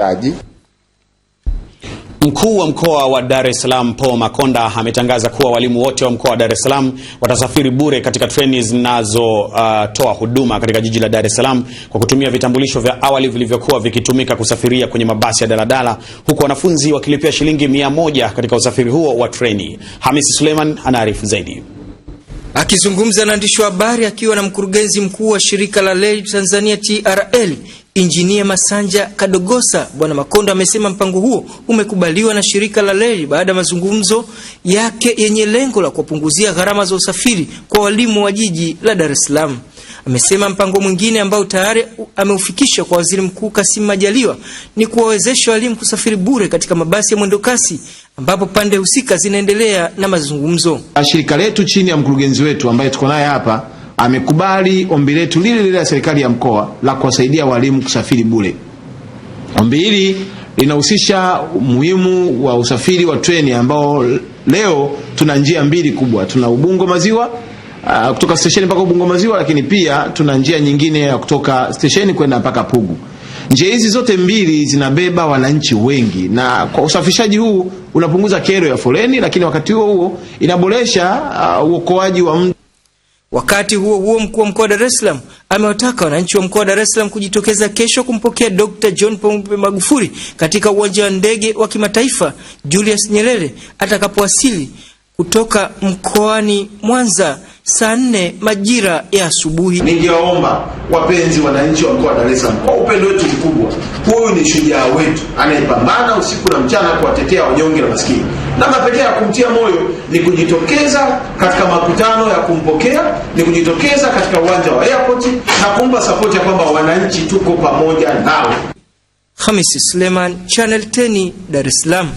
Taji. Mkuu wa mkoa wa Dar es Salaam Paul Makonda ametangaza kuwa walimu wote wa mkoa wa Dar es Salaam watasafiri bure katika treni zinazotoa uh, huduma katika jiji la Dar es Salaam kwa kutumia vitambulisho vya awali vilivyokuwa vikitumika kusafiria kwenye mabasi ya daladala, huku wanafunzi wakilipia shilingi mia moja katika usafiri huo wa treni. Hamisi Suleiman anaarifu zaidi. Akizungumza na waandishi wa habari akiwa na mkurugenzi mkuu wa shirika la reli Tanzania TRL Injinia Masanja Kadogosa Bwana Makondo amesema mpango huo umekubaliwa na shirika la reli baada ya mazungumzo yake yenye lengo la kuwapunguzia gharama za usafiri kwa walimu wa jiji la Dar es Salaam. Amesema mpango mwingine ambao tayari ameufikisha kwa Waziri Mkuu Kassim Majaliwa ni kuwawezesha walimu kusafiri bure katika mabasi ya mwendokasi ambapo pande husika zinaendelea na mazungumzo. Shirika letu chini ya mkurugenzi wetu ambaye tuko naye hapa amekubali ombi letu lile lile la serikali ya mkoa la kuwasaidia walimu kusafiri bure. Ombi hili linahusisha umuhimu wa usafiri wa treni ambao leo tuna njia mbili kubwa, tuna Ubungo Maziwa uh, kutoka stesheni mpaka Ubungo Maziwa, lakini pia tuna njia nyingine ya kutoka stesheni kwenda mpaka Pugu. Njia hizi zote mbili zinabeba wananchi wengi, na kwa usafishaji huu unapunguza kero ya foleni, lakini wakati huo huo inaboresha ah, uokoaji uh, wa mtu. Wakati huo huo, mkuu wa mkoa wa Dar es Salaam amewataka wananchi wa mkoa wa Dar es Salaam kujitokeza kesho kumpokea Dr. John Pombe Magufuli katika uwanja wa ndege wa kimataifa Julius Nyerere atakapowasili kutoka mkoani Mwanza saa nne majira ya asubuhi. Ningewaomba wapenzi wananchi wa mkoa wa Dar es Salaam, kwa upendo wetu mkubwa, huyu ni shujaa wetu anayepambana usiku na mchana kuwatetea wanyonge na maskini. Namna pekee ya kumtia moyo ni kujitokeza katika makutano ya kumpokea, ni kujitokeza katika uwanja wa airport na kumpa support ya kwamba wananchi tuko pamoja nao. Hamisi Suleman, Channel 10, Dar es Salaam.